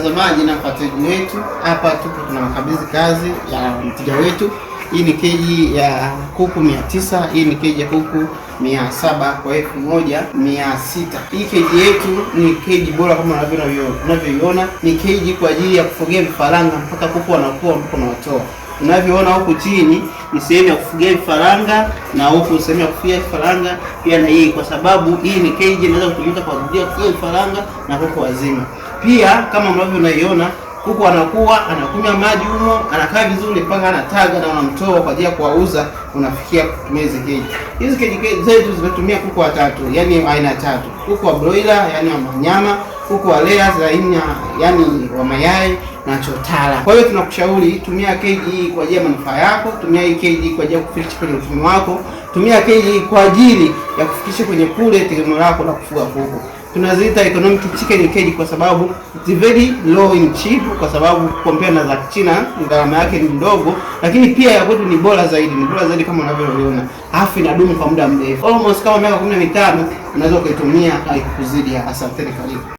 mtazamaji na mfuatiliaji wetu, hapa tupo tunamkabidhi kazi ya mteja wetu. Hii ni keji ya kuku mia tisa. Hii ni keji ya kuku mia saba kwa elfu moja mia sita. Hii keji yetu ni keji bora kama unavyoiona, ni keji kwa ajili ya kufugia vifaranga mpaka kuku wanakuwa mpaka unawatoa. Unavyoona huku chini ni sehemu ya kufugia vifaranga na huku sehemu ya kufugia vifaranga pia, na hii kwa sababu hii ni keji inaweza kutumika kwa ajili ya kufugia vifaranga na kuku wazima. Pia kama mnavyo unaiona kuku anakuwa anakunywa maji humo, anakaa vizuri mpaka anataga na unamtoa kwa ajili ya kuwauza, unafikia kutumia hizi keji. Hizi keji zetu zimetumia kuku watatu, yani aina tatu: kuku wa broiler, yani wa nyama, kuku wa layers, yani wa mayai na chotara. Kwa hiyo tunakushauri tumia keji hii kwa ajili ya manufaa yako, tumia hii keji kwa ajili ya kufikisha kwenye uchumi wako, tumia keji kwa ajili ya kufikisha kwenye kule tegemeo lako la kufuga kuku tunaziita economic chicken cage kwa sababu it's very low in cheap, kwa sababu kompea na za China gharama yake ni ndogo, lakini pia ya kwetu ni bora zaidi, ni bora zaidi kama unavyoiona, afu inadumu kwa muda mrefu almost kama miaka 15 unaweza ukaitumia haikuzidi. Asanteni, karibu.